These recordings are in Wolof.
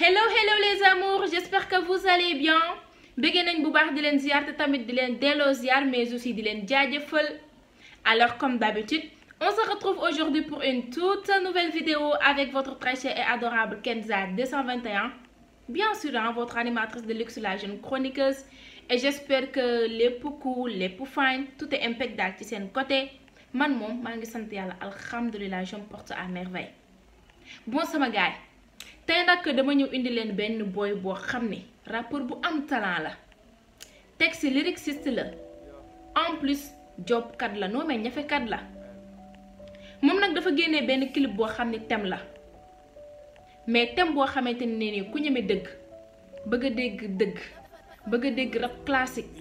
hello hello les amours j'espère que vous allez bien Je mais aussi alors comme d'habitude on se retrouve aujourd'hui pour une toute nouvelle vidéo avec votre très chère et adorable Kenza 221 bien sûr hein, votre animatrice de luxe la jeune chroniqueuse et j'espère que les cool les fine tout est impeccable de côté man moom maa ngi je me porte à merveille bon mes gars Tenda nak dama ñu indi leen benn boy bo xamné bu am talent la texte lyriciste la en plus kat la noo mais kat la mom nak dafa génné benn clip bo xamné ne la mais thème boo xamante ne nii ku ñëmé dëgg bëgg dégg dëgg bëgg dégg rap classique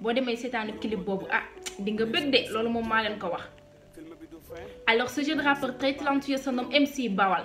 bo démé sétane clip bobu ah di nga bëgg dé lolu mom ma leen ko wax alors ce jeune rappeur très talentueux son nom MC Bawal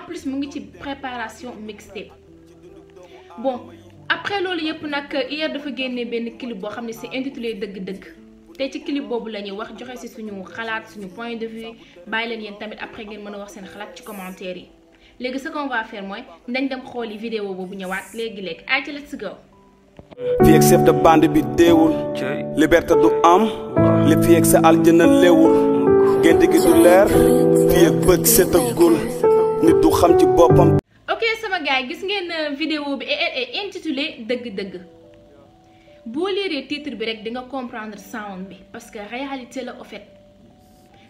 en plus mu ci préparation mixtape bon après loolu yëpp nak hier dafa génnee ben clip bo xamné ne c'est intitulé dëgg-dëgg té ci clip bobu lañuy wax joxé ci suñu xalaat suñu point de vue bàyyi leen yéen tamit après ngeen mëna wax seen xalaat ci commentaire yi légui ce qu'on va faire moy nañ dem xoli vidéo bobu ñëwaat légui léegi ay ci let's go fii ak chef de bande bi déwul liberté du am li fii ak sa aljana leewul gént gi du leer fii ak bët setagul nit du xam ci boppam. ok sama gars gis ngeen euh, vidéo bi est intitulé dëgg-dëgg boo liiree titre bi rek dinga comprendre sound bi parce que réalité la au fait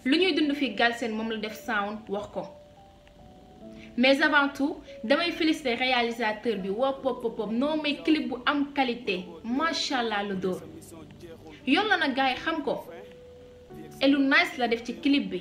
lu ñuy dund fii Galsen moom la def sound wax ko mais avant tout damay féliciter réalisateur bi woo pop pop noo may clip bu am qualité macha allah lu dóor yoon la na xam ko et nice la def ci clip bi.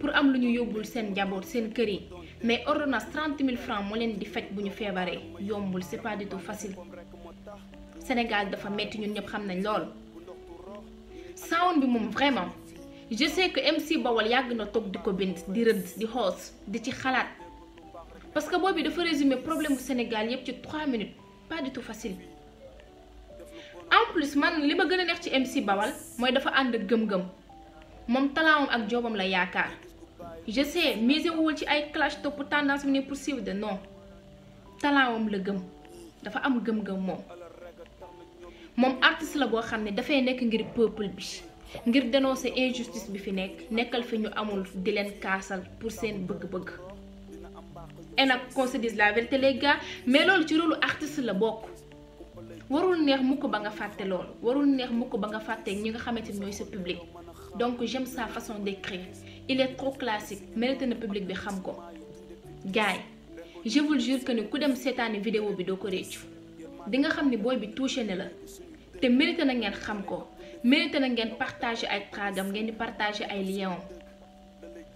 pour am lu ñu yóbbul seen njaboot seen kër yi mais ordonnance trente mille francs moo leen di faj bu ñu feebaree yombul c'est pas du tout facile Sénégal dafa metti ñun ñëpp xam nañ lool. sound bi moom vraiment je sais que MC Bawol yàgg na toog di ko bind di rëdd di xoos di ci xalaat parce que boobu dafa résumer problème bu Sénégal yëpp ci trois minutes pas du tout facile. en plus man li ma gën a neex ci MC Bawal mooy dafa ànd gëm-gëm moom talaawam ak joobam la yaakaar je sais misé wul ci ay clash top tendance pour de non la gem dafa am gem gem mom mom artiste la bo ne ngir peuple bi ngir dénoncer injustice bi fi nek nekkal amul di pour s'en et les gars mais ci artiste la warul neex ba nga warul neex ba nga public donc j'aime sa façon d'écrire il est trop classique mérité na public bi xam ko gaay je vous jure que ne ku dem seetaani vidéo bi do ko réccu di nga xam ni booy bi touché na la té mérité na ngeen xam ko mérité na ngeen partager ay tragam ngeen di partager ay liens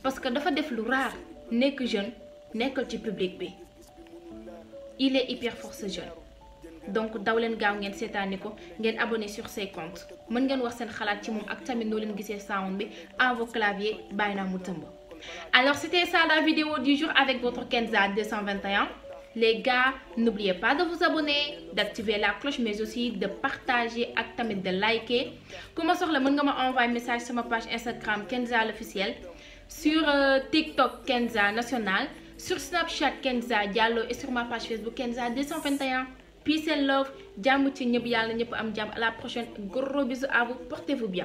parce que dafa def lu rare nek jeune nekkal ci public bi il est hyper fort ce jeune donc dawlen leen gaaw ngeen vous abonné sur ses comptes mën ngeen wax sen xalaat ci mom ak tamit no leen sound bi à vos claviers alors c'était ça la vidéo du jour avec votre Kenza 221 les gars n'oubliez pas de vous abonner d'activer la cloche mais aussi de partager et de liker Comme ma vous mën nga ma envoyer message ma page Instagram Kenza l'officiel sur euh, TikTok Kenza national sur Snapchat Kenza Diallo et sur ma page Facebook Kenza 221. peace and love jàmm ci ñëpp yàlla ñëpp am jàmm à la prochaine gros bisous à vous portez